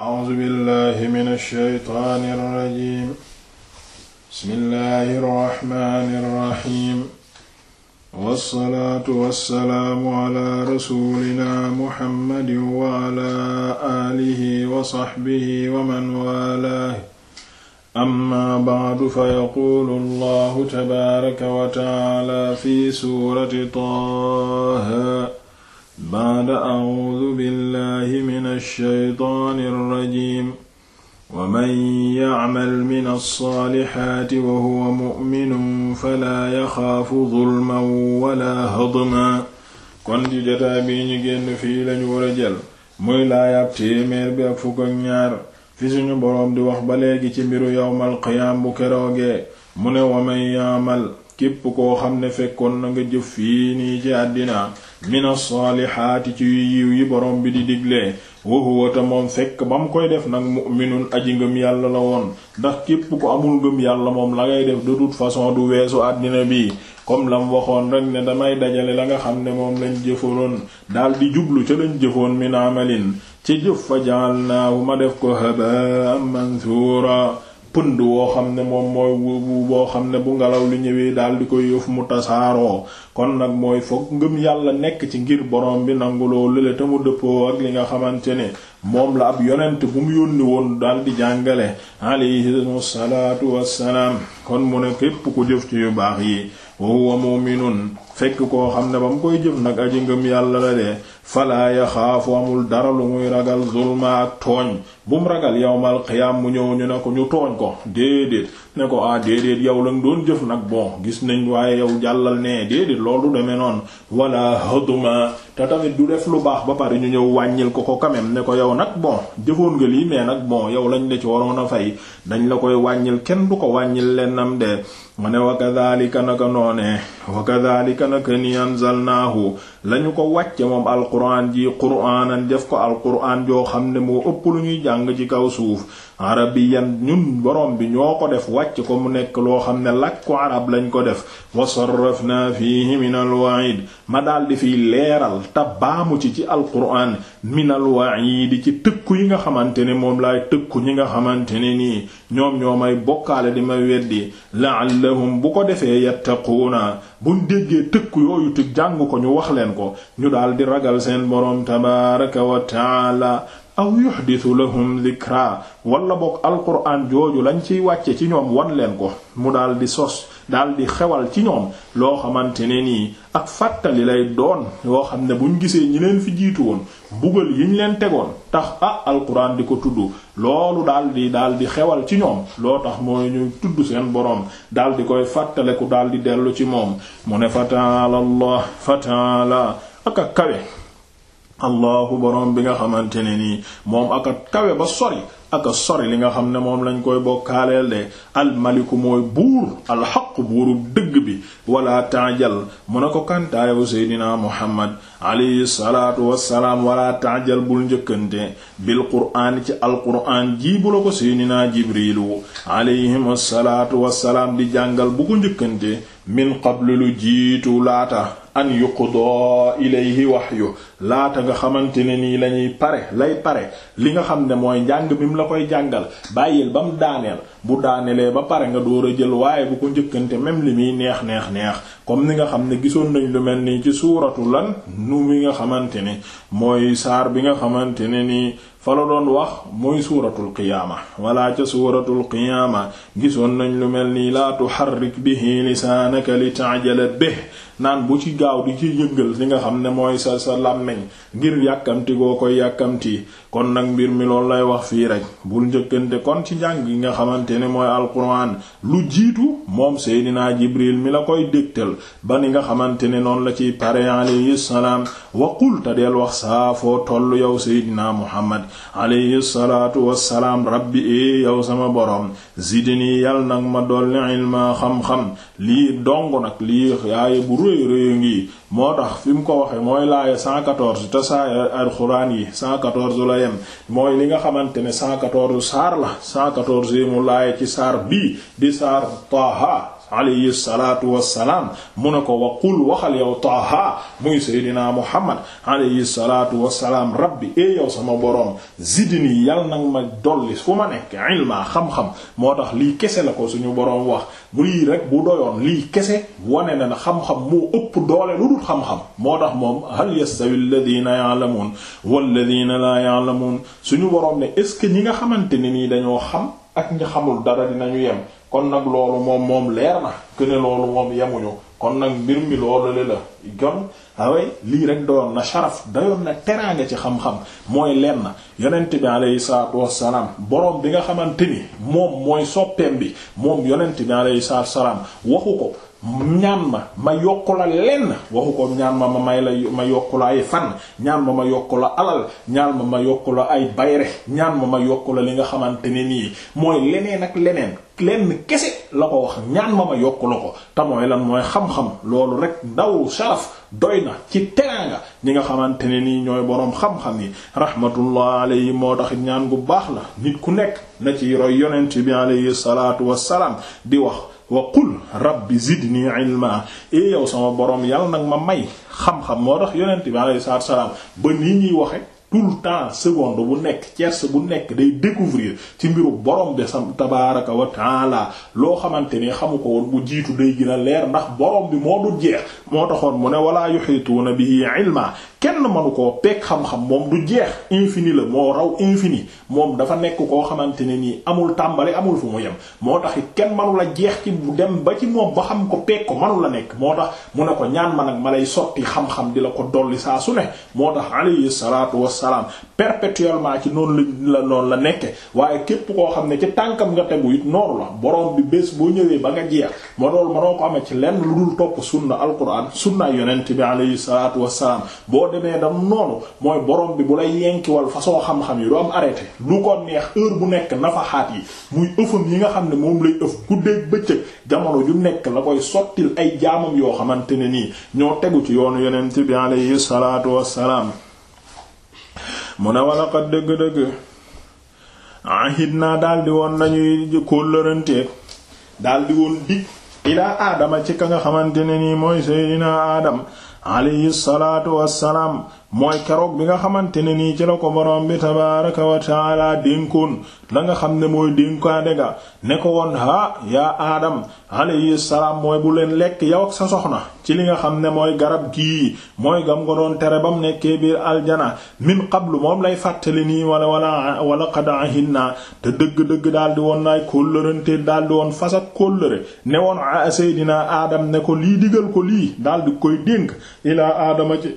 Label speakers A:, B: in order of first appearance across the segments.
A: A'uuzu billaahi mina shaytaani rajiim. Bismillaahi rahmaani rahiim. Wassalaatu wassalaamu alaa rasuulinaa Muhammadin wa alaa aalihi wa sahbihi wa man waalaahu. Ammaa ba'du fayaquulu Allaahu tabaaraka wa ta'aalaa fi suurati Taaha. baada audu billahi min alsheytaani alrajim wa man yacmal min alsaalixaati wa huwa mu'minun falaa yaxaafu dulman wala hadma kon di jotaa bii ñu génn fii lañu war a jël muy laayaab téeméer bi ak fukk ak ñaar fi suñu boroom di wax ba léegi ci mbiru yowmal qiyaam bu keroogee mu ne wa man yaamal képp koo xam ne fekkoon na nga jëf fii nii ci àddina mina saalihaati ci yiw yi borom bi di digle wa huwa ta moom fekk ba mu koy def nag mu'minun aji ngëm yàlla la woon ndax képp ko amul ngëm yàlla moom la ngay def de toute façon du weesu àddina bi comme lam waxoon rek ne damay dajale la nga xam ne moom lañ jëfaloon daal di jublu ca lañ jëfoon min amalin ci jëf fa ja'alnaahu ma def ko habaa mansuura pënd woo xam ne moom mooy boo xam ne bu ngelaw li ñëwee daal di koy yëf mu tasaaroo kon nag mooy foog ngëm yàlla nekk ci ngir borom bi nangu loolu la te mu dëppoo ak li nga xamante ne moom la ab yonent bu mu yónni woon daal di jàngale alayhi salaatu wassalaam kon mu ne képp ku jëf ci yu baax yi wa huwa mu'minun fekk koo xam ne ba mu koy jëf nag aji ngëm yàlla la dee falaa yaxaafu amul dara lu muy ragal zulma ak tooñ bu mu ragal yawmal qiyaam mu ñëw ñu ne ko ñu tooñ ko déedéet ne ko ah déedéet yow lañ doon jëf nag bon gis nañ waaye yow jàllal nee déedéet loolu du demee noonu wala haduma te tamit du def lu baax ba pare ñu ñëw wàññil ko ko quand ne ko yow nag bon jëfoon nga lii mais nag bon yow lañ la ci waroon a dañ la koy wàññil kenn du ko wàññil lennam de mu ne wa naka ni anzalnaahu lañu ko wàcce moom alquraan ji quraanan def ko alquraan joo xam ne moo ëpp lu ñuy jàng ci kaw suuf arabiyan ñun borom bi ñoo ko def wàcc ko mu nekk loo xam ne làkku arab lañ ko def wa sarrafna fihi min alwaid ma daldi fiy leeral te baamu ci ci alquraan min alwaid ci tëkku yi nga xamante ne moom lay tëkku ñi nga xamante ne nii ñoom ñoo may bokkaale di ma weddi la'allahum bu ko defee yattaquuna buñ déggee tëkk yooyu tëg jàng ko ñu wax leen ko ñu daal di ragal seen boroom tabaraka wa taala aw yuxdisu lahum dikra wala boog alquran jooju lañ ciy wàcce ci ñoom wan leen ko mu daal di sos daal di xewal ci ñoom loo xamante ne nii ak fàttali lay doon yoo xam ne buñ gisee ñi leen fi jiitu woon bugal yiñ leen tegoon tax a alquran di ko tudd loolu daal di daal di xewal ci ñoom loo tax mooy ñuy tudd seen boroom daal di koy fàttaleku daal di dellu ci moom mu ne fataala allah fataala ak a kawe allahu borom bi nga xamante ne nii moom aka kawe ba sori aka sori li nga xam ne moom lañ koy bokkaaleel de almaliku mooy buur alxaq buuru dëgg bi walaa taajal mu ne ko kantaayow seydina muhammad alayhi salaatu wassalaam wala taajal bul njëkkante bil quraan ci alquraan jii bu la ko seydina jibriilu alayhim assalaatu wassalaam di jàngal bu ko njëkkante min qablu lu jiitu laata an yuqdaa ilayhi wahyu laata nga xamante ne nii lañuy pare lay pare li nga xam ne mooy njàng bi mu la koy jàngal bàyyil ba mu daaneel bu daanelee ba pare nga door a jël waaye bu ko njëkkante même li muy neex neex neex comme li nga xam ne gisoon nañ lu mel nii ci suuratu lan nu mi nga xamante ni mooy saar bi nga xamante ne nii fa la doon wax mooy suuratul qiyaama wala ca suuratul qiyaama gisoon nañ lu mel nii laa tuharrik bihi lisaanaka li ta'jala naan bu ci gaaw di ci yëngal li nga xam ne mooy sa sa làmmeñ ngir yàkkamti koo koy yàkkamti kon nag mbir mi lool lay wax fii rek bul njëkkante kon ci njàng gi nga xamante ne mooy alquran lu jiitu moom seydinaa jibril mi la koy dégtal ba ni nga xamante ne noonu la ciy pare alayhi salaam waqul te deel wax saafoo foo toll yow seydinaa muhammad alayhi salaatu wassalaam rabbi e yow sama borom zidni yal nag ma dolli ilma xam-xam lii dong nag lii yaaye bu rëy ngi moo tax fi mu ko waxe mooy laaya 114 te saa alxuraan yi 114 la yem mooy li nga xamante ne 114 saar la 114 mu laaya ci saar bii di saar Taaha alayhi salaatu wassalaam mu ne ko waqul waxal yow Taaha muy Seydina Muhammad alayhi salaatu wassalaam rabbi ee yow sama boroom zidni yal nag ma dolli fu ma nekk ilma xam moo tax lii kese la ko suñu boroom wax bu lii rek doyoon lii kese wane na xam-xam moo ëpp doole lu dul xam-xam moo tax moom hal yastawi alladhina ya'lamun walladhina la ya'lamun suñu boroom ne est-ce que ñi nga xamante ne nii dañoo xam ak ñi xamul dara dinañu yem kon nag loolu moom moom leer na que ne loolu moom yemuñu kon nag mbir mi loolu le la jon away ah lii rek doon na sharaf dayoon na teraanga ci xam-xam mooy leen na yonent bi alayhi salaatu boroom bi nga xamante ni moom mooy soppeem bi moom yonent bi alayhi salaatu waxu ko ñaan ma ma yokku la lenn waxu ko ñaan ma ma may la ma yokku la ay fan ñaan ma ma yokku la alal ñaan ma ma yokku la ay bayre ñaan ma ma yokku la li nga xamante ne nii mooy leneen ak leneen lenn kese la ko wax ñaan ma ma yokku la ko te mooy lan mooy xam-xam loolu rek ndaw sharaf doy na ci teraanga ñi nga xamante ne nii ñooy boroom xam-xam yi rahmatullah alayhi moo tax ñaan bu baax la nit ku nekk na ci roy yonent bi alayhi salaatu wassalaam di wax wa qul rabbi zidni ilma e yow sama borom yàlla nag ma may xam-xam moo tax yonent bi alayhi salaatu salaam ba nii ñuy waxe tout le temps seconde bu nekk tierce bu nekk day découvrir ci mbiru borom bi sam tabaraka wa loo xamante ne xamu ko woon bu jiitu day gën a leer ndax borom bi moo dul jeex moo taxoon mu ne wala yuhituuna bihi ilma kenn mënu koo peeg xam-xam moom du jeex infini la moo raw infini moom dafa nekk koo xamante ne nii amul tàmbali amul fu mu yem moo tax it kenn mënu la jeex ci bu dem ba ci moom ba xam ko peeg ko mënu la nekk moo tax mu ne ko ñaan ma nag ma lay sotti xam-xam di la ko dolli saa su ne moo tax alayhi salaatu wassalaam perpétuellement ci noonu la noonu la nekke waaye képp koo xam ne ci tànkam nga tegu it noonu la borom bi bés boo ñëwee ba nga jeex ma loolu mënoo ko amee ci lenn lu dul topp sunna alquran sunna yonent bi alayhi salaatu wassalaam demee dam noonu mooy borom bi bu lay yenkiwal façon xam-xam yi du am arrêté lu ko neex heure bu nekk nafaxaat yi muy ëfam yi nga xam ne moom lay ëf guddeeg bëccëg jamono ju nekk la koy sottil ay jaamam yoo xamante ne nii ñoo tegu ci yoonu yeneen bi alayhi salaatu wassalaam mu ne wala qad dëgg-dëgg ahid naa daldi woon nañuy kóllërante daldi woon dig ilaa aadama ci ka nga xamante ne nii mooy seydinaa aadam alayhi salaatu wassalaam mooy keroog bi nga xamante ne nii ci la ko borom bi tabaaraka wa taala dénkoon la nga xam ne mooy dénkaane nga ne ko woon ha yaa aadam alayhi salaam mooy bu leen lekk yow ak sa soxna ci li nga xam ne mooy garab gii mooy gam ko doon tere ba mu nekkee biir aljana min qablu moom lay fàttali nii wala wala wala qad naa te dëgg-dëgg daal di woon naay kóllërante daal di woon fas ak kóllëre ne woon a seydina aadam ne ko lii digal ko lii daal di koy dénk ilaa aadama ci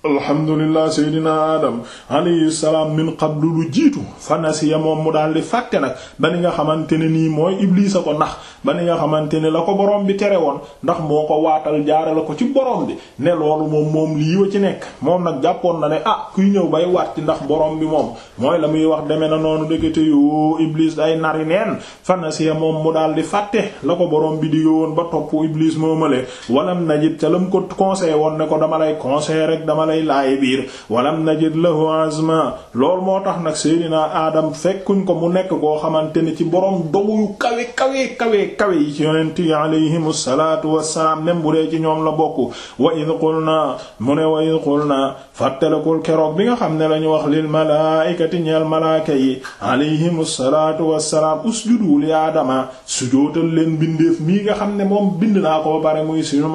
A: alhamdulilah seydina adam alayhi salaam min qablu lu jiitu fanasiya moom mu daal di fàtte nag ba ni nga xamante ne nii mooy Iblis a ko ndax ba ni nga xamante ne la ko boroom bi tere woon ndax moo ko waatal jaare la ko ci borom bi ne loolu moom moom lii wa ci nekk moom nag jàppoon na ne ah kuy ñëw bay waat ci ndax borom bi moom mooy la muy wax deme na noonu dëkkate yo Iblis ay nari neen fanasiya moom mu daal di fàtte la ko borom bi digg woon ba topp Iblis moo mële walam najid ca lam ko conseillé woon ne ko dama lay conseillé rek lay laaye biir walam najid lahu azma loolu moo tax nag seydina aadam fekkuñ ko mu nekk koo xamante ne ci borom dogu yu kawe kawe kawe kawe yi ci yonent yi alayhimu salaatu wassalaam nem bu dee ci ñoom la bokk wa id qulna mu ne wa id qulna fàttalakul keroog bi nga xam ne lañu wax lil malaa'ikati ñeel malaaka yi alayhimu salaatu wassalaam usjudu li aadama sujootal leen bindeef mii nga ne moom bind naa ko ba pare muy sunu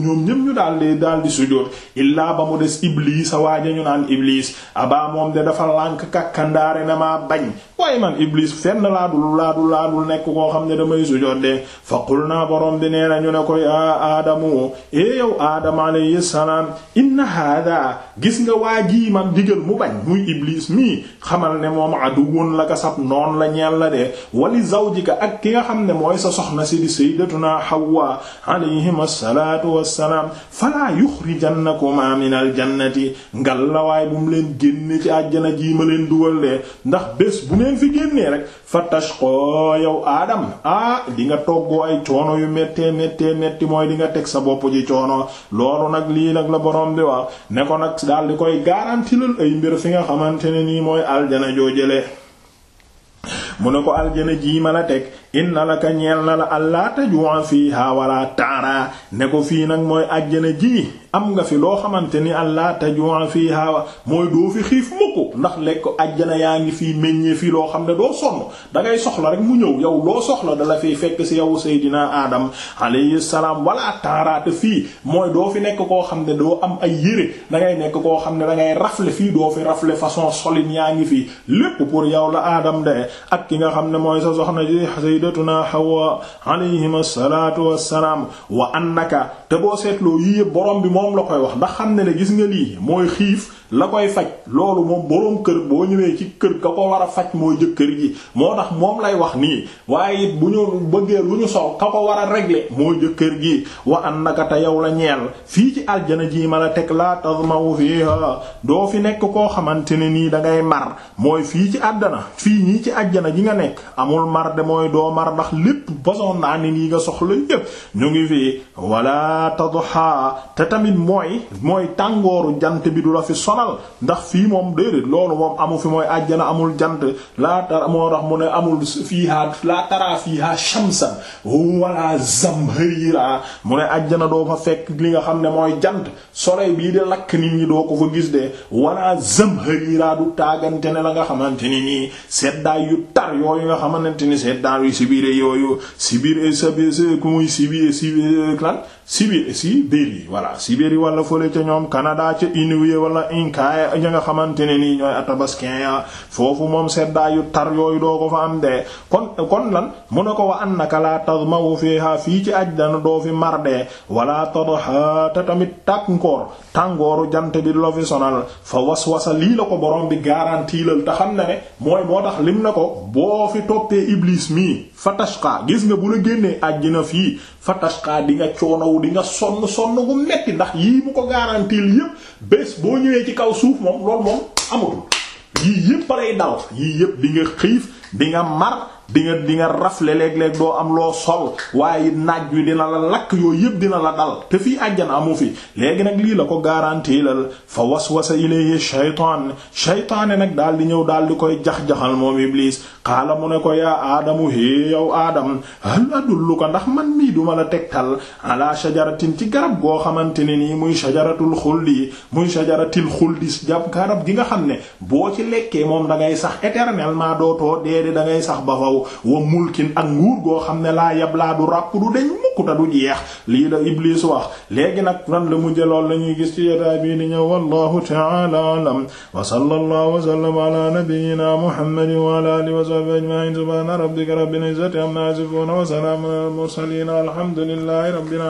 A: ñoom ñëpp ñu daal di daal di sujjóot illaa ba mu des Iblis waaja ñu naan Iblis abaa moom de dafa lànk kàkkandaare na maa bañ waaye man Iblis fenn laa dul laa dul laa nekk koo xam ne damay sujjóot de faqul naa borom bi nee na ñu ne ko a Adamu eh yow Adama alayhi salaam inna haadaa gis nga waa ji man digal mu bañ muy Iblis mii xamal ne moom aduwwun laka sab noon la ñeel la de wali zawjika ak ki nga xam ne mooy sa soxna si di sayyidatuna Hawwa alayhi salaatu wassalaam falaa yuxrijannakuma min aljannati ngal lawaay bu mu leen génne ci àjjana jii ma leen dugal de ndax bés bu ngeen fi génnee rek fa tashqoo yow aadam ah di nga toggoo ay coono yu méttee méttee métti mooy di nga teg sa bopp ci coono loolu nag lii nag la borom bi wax ne ko nag daal di koy garantilul ay mbir fi nga xamante ne nii mooy aljana joo jële mu ne ko aljana jii ma la teg inna la ka ñeel na la allah tajua fiiha wala taara ne ko fii nag mooy àjjana ji am nga fi loo xamante ni allah tajua fiiha mooy doo fi xiif mukk ndax lekk àjjana yaa ngi fii meññee fii loo xam ne doo sonn da ngay soxla mu ñëw yow loo soxla dala fiy fekk si yow seydina adam alayhi salaam wala taara te fii mooy doo fi nekk koo xam ne doo am ay yére da nekk koo xam ne da ngay rafle fii doo fi rafle façon solin yaa ngi fii lépp pour yow la adam de ak ki nga xam ne mooy sa soxna ji sayyidatuna Hawa alayhim assalaatu wassalaam wa annaka te boo seetloo yii yëpp borom bi moom la koy wax ndax xam ne ne gis nga lii mooy xiif la koy faj loolu moom boroom kër boo ñëwee ci kër ga ko war a faj mooy jëkkër ji moo tax moom lay wax nii waaye it bu ñu bëggee lu ñu sol ka ko war a régler mooy jëkkër ji wa annaka te yow la ñeel fii ci aljana ji ma la teg laa tazma'u fiha doo fi nekk koo xamante ne nii da ngay mar mooy fii ci àddana fii ñii ci àjjana ji nga nekk amul mar Omar ndax lépp bosoon naa ni nii nga soxla yépp ñu ngi fi wala tadha te tamit mooy mooy tàngooru jant bi du la fi sonal ndax fii moom déedéet loolu moom amu fi mooy àjjana amul jant laa tara moo tax mu amul fiiha laa tara fiiha shamsan wala zamharira mu ne àjjana doo fa fekk li nga xam ne mooy jant soleil bii di lakk nit ñi doo ko fa gis de wala zamharira du taagante ne la nga xamante ni nii seddaay yu tar yooyu nga xamante ni seddaay sibire yooyu sibire sa bese ku muy sibire sibire lan Sibérie eh, Sibérie voilà Sibérie wala fële ca ñoom Canada ca Inuit wala Inca ya eh, nga xamante ne nii ñooy atabaskin ya eh, foofu moom seddaay yu tar yooyu doo ko fa am dee kon lan mu ne ko wa annaka laa tadmawu fiha fii ci àjjana doo fi mar dee wala tadha te tamit tànkoor tàngooru jant bi lo fi sonal fa waswasa lii la ko borom bi garantie lal te xam na ne mooy moo tax lim na ko boo fi toppee Iblis mii fatashqa gis nga bu la génnee àjjana fii yow di nga sonn sonn gu metti ndax yii bu ko garantil yépp bés boo ñëwee ci kaw suuf moom loolu moom amatul yii yépp a dal yii yépp di nga xiif di nga mar di nga di nga rafle léeg-léeg doo am loo sol waaye naaj wi dina la lakk yooyu yëpp dina la dal te fii àjjana amu fi léegi nag lii la ko garantie lal fa waswasa ilayhi shaytaan shaytaane nag daal di ñëw daal di koy jax-jaxal moom iblis xaala mu ne ko yaa aadamu hé yow aadam hal ko ndax man mii duma la tegtal ala shajaratin ci garab goo xamante ne nii muy shajaratul xuldi muy shajaratil xuldi jàpp garab gi nga xam ne boo ci lekkee moom da ngay sax éternellement dootoo deede da sax ba goo wa mulkin ak nguur goo xam ne laa yablaa du ràpp du deñ mukk ta du jeex lii la Iblis wax léegi nag nan la mujje lool lañuy gis ci jotaay bii di ñëw wallahu ta'ala alam wa sallallahu wa sallama ala nabiyyina muhammadin wa ala alihi wa sahbihi ajma'in subhana rabbika rabbil izzati amma